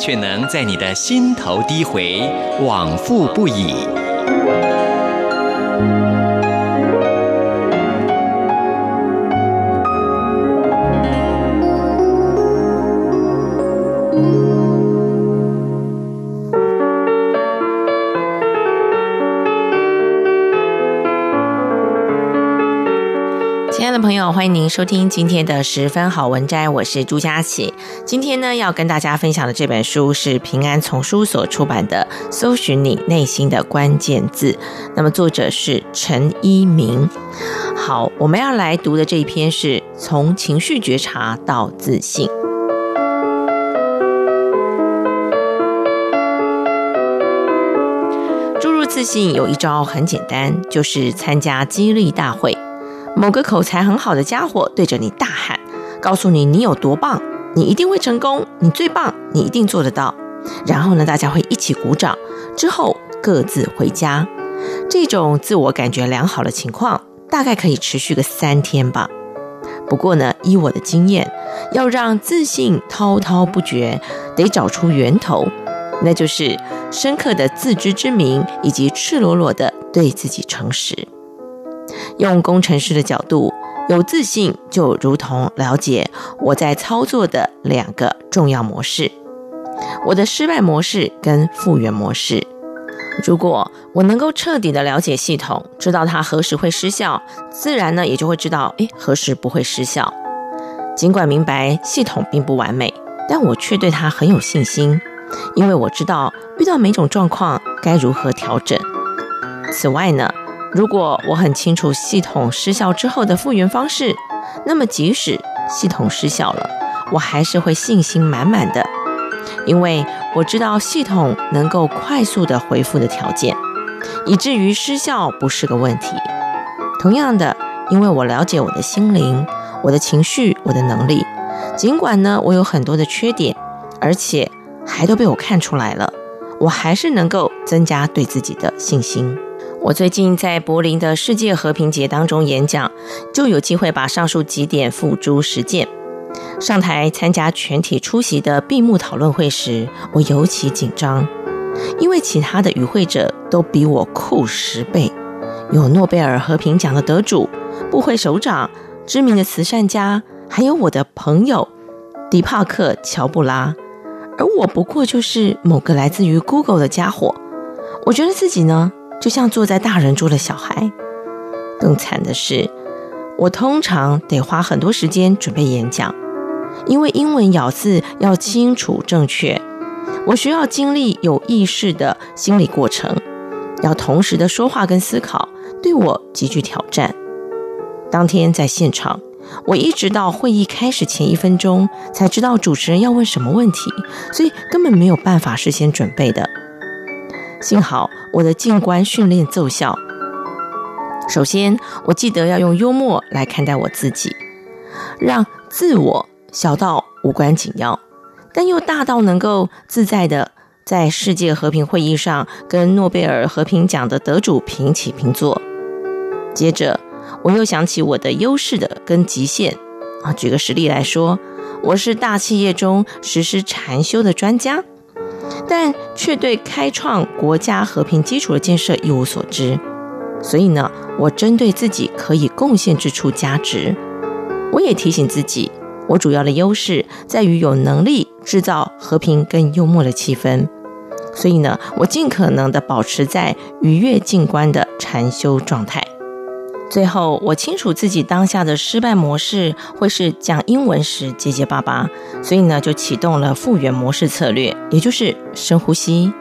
卻能在你的心頭低回，往復不已。親愛的朋友，歡迎您收聽今天的十分好文摘，我是朱佳琪。今天呢，要跟大家分享的這本書是平安叢書所出版的《搜尋你內心的關鍵字》，那麼作者是陳一鳴。好，我們要來讀的這一篇是《從情緒覺察到自信》。注入自信有一招很簡單，就是參加激勵大會。某個口才很好的家伙對着你大喊，告訴你你有多棒，你一定會成功，你最棒，你一定做得到。然後呢，大家會一起鼓掌，之後各自回家。這種自我感覺良好的情況大概可以持續個三天吧。不過呢，依我的經驗，要讓自信滔滔不絕，得找出源頭，那就是深刻的自知之明，以及赤裸裸的對自己誠實。用工程師的角度，有自信就如同了解我在操作的兩個重要模式：我的失敗模式跟復原模式。如果我能夠徹底的了解系統，知道它何時會失效，自然呢也就會知道，哎，何時不會失效。儘管明白系統並不完美，但我卻對它很有信心，因為我知道遇到每種狀況該如何調整。此外呢，如果我很清楚系統失效之後的復原方式，那麼即使系統失效了，我還是會信心滿滿的，因為我知道系統能夠快速的回復的條件，以至於失效不是個問題。同樣的，因為我了解我的心靈、我的情緒、我的能力，儘管呢我有很多的缺點，而且還都被我看出來了，我還是能夠增加對自己的信心。我最近在柏林的世界和平節當中演講，就有機會把上述幾點付諸實踐。上台參加全體出席的閉幕討論會時，我尤其緊張，因為其他的與會者都比我酷十倍，有諾貝爾和平獎的得主、部會首長、知名的慈善家，還有我的朋友迪帕克·喬布拉，而我不過就是某個來自於 Google 的傢伙。我覺得自己呢，就像坐在大人桌的小孩。更慘的是，我通常得花很多時間準備演講，因為英文咬字要清楚正確，我需要經歷有意識的心理過程，要同時的說話跟思考，對我極具挑戰。當天在現場，我一直到會議開始前一分鐘才知道主持人要問什麼問題，所以根本沒有辦法事先準備的。幸好我的靜觀訓練奏效。首先，我記得要用幽默來看待我自己，讓自我小到無關緊要，但又大到能夠自在的在世界和平會議上跟諾貝爾和平獎的得主平起平坐。接着，我又想起我的優勢的跟極限。啊，舉個實例來說，我是大企業中實施禪修的專家。但卻對開創國家和平基礎的建設一無所知，所以呢，我針對自己可以貢獻之處加值。我也提醒自己，我主要的優勢在於有能力製造和平跟幽默的氣氛，所以呢，我盡可能的保持在愉悅靜觀的禪修狀態。最後，我清楚自己當下的失敗模式會是講英文時結結巴巴，所以呢，就啟動了復原模式策略，也就是深呼吸、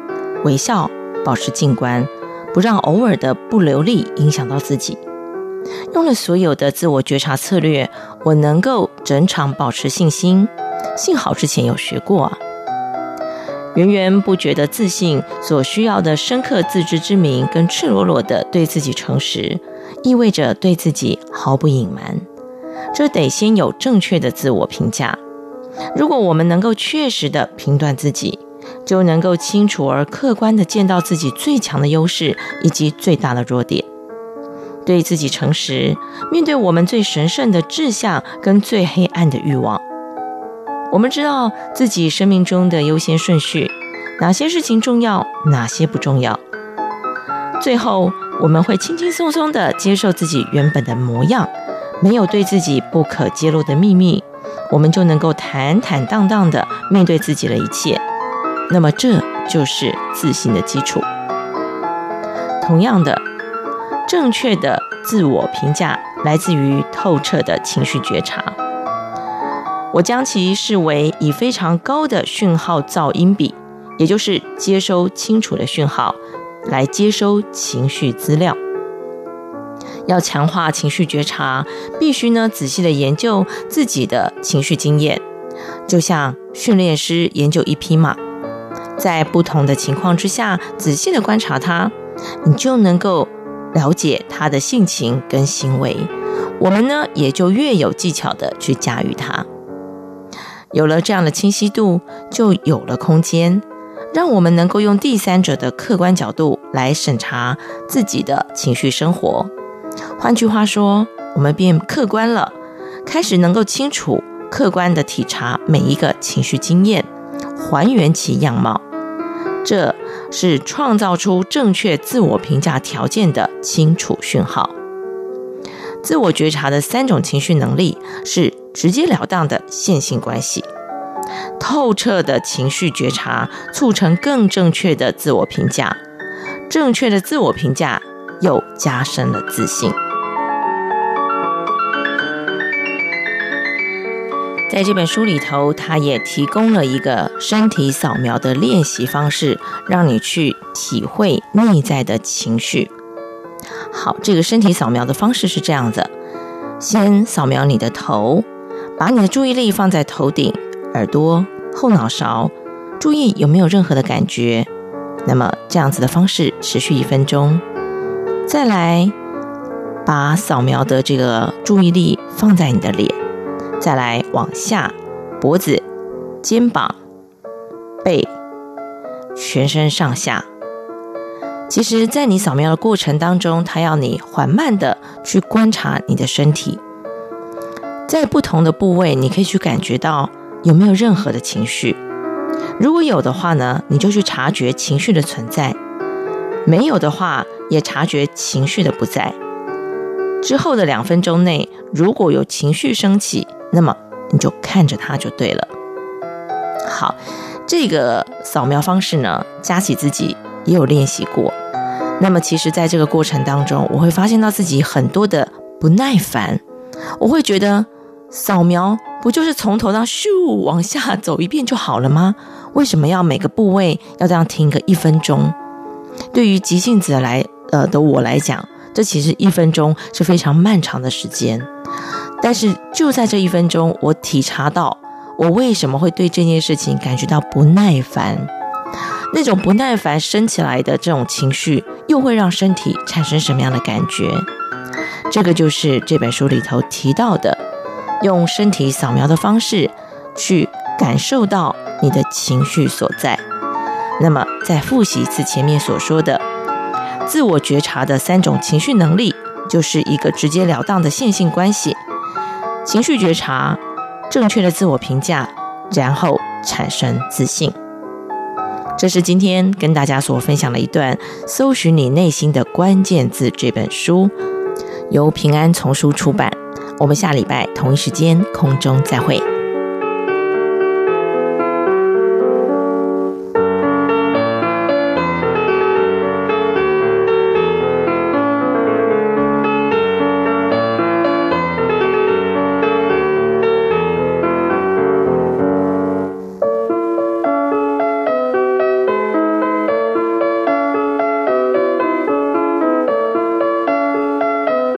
微笑、保持靜觀，不讓偶爾的不流利影響到自己。用了所有的自我覺察策略，我能夠整場保持信心。幸好之前有學過，源源不絕的自信所需要的深刻自知之明跟赤裸裸的對自己誠實。意味着對自己毫不隱瞞，這得先有正確的自我評價。如果我們能夠確實的評斷自己，就能夠清楚而客觀的見到自己最強的優勢以及最大的弱點。對自己誠實，面對我們最神聖的志向跟最黑暗的慾望，我們知道自己生命中的優先順序，哪些事情重要，哪些不重要。最後，我們會輕輕鬆鬆地接受自己原本的模樣，沒有對自己不可揭露的秘密，我們就能夠坦坦蕩蕩地面對自己的一切。那麼，這就是自信的基礎。同樣的，正確的自我評價來自於透徹的情緒覺察。我將其視為以非常高的訊號噪音比，也就是接收清楚的訊號。來接收情緒資料，要強化情緒覺察，必須呢仔細的研究自己的情緒經驗，就像訓練師研究一匹馬，在不同的情況之下仔細的觀察它，你就能夠了解它的性情跟行為，我們呢也就越有技巧的去駕馭它，有了這樣的清晰度，就有了空間。讓我們能夠用第三者的客觀角度來審查自己的情緒生活。換句話說，我們變客觀了，開始能夠清楚、客觀的體察每一個情緒經驗，還原其樣貌。這是創造出正確自我評價條件的清楚訊號。自我覺察的三種情緒能力是直截了當的線性關係。透徹的情緒覺察促成更正確的自我評價，正確的自我評價又加深了自信。在這本書裡頭，他也提供了一個身體掃描的練習方式，讓你去體會內在的情緒。好，這個身體掃描的方式是這樣子：先掃描你的頭，把你的注意力放在頭頂、耳朵。後腦勺，注意有沒有任何的感覺。那麼這樣子的方式持續一分鐘，再來把掃描的這個注意力放在你的臉，再來往下脖子、肩膀、背，全身上下。其實，在你掃描的過程當中，他要你緩慢的去觀察你的身體，在不同的部位，你可以去感覺到。有沒有任何的情緒？如果有的話呢，你就去察覺情緒的存在；沒有的話，也察覺情緒的不在。之後的兩分鐘內，如果有情緒升起，那麼你就看着它就對了。好，這個掃描方式呢，佳喜自己也有練習過。那麼，其實在這個過程當中，我會發現到自己很多的不耐煩，我會覺得掃描。不就是從頭到樹往下走一遍就好了嗎？為什麼要每個部位要這樣停個一分鐘？對於急性子來呃的我來講，這其實一分鐘是非常漫長的時間。但是就在這一分鐘，我體察到我為什麼會對這件事情感覺到不耐煩，那種不耐煩升起來的這種情緒，又會讓身體產生什麼樣的感覺？這個就是這本書裡頭提到的。用身體掃描的方式去感受到你的情緒所在。那麼，再複習一次前面所說的自我覺察的三種情緒能力，就是一個直截了當的線性關係：情緒覺察、正確的自我評價，然後產生自信。這是今天跟大家所分享的一段《搜尋你內心的關鍵字》這本書，由平安叢書出版。我們下禮拜同一時間空中再會。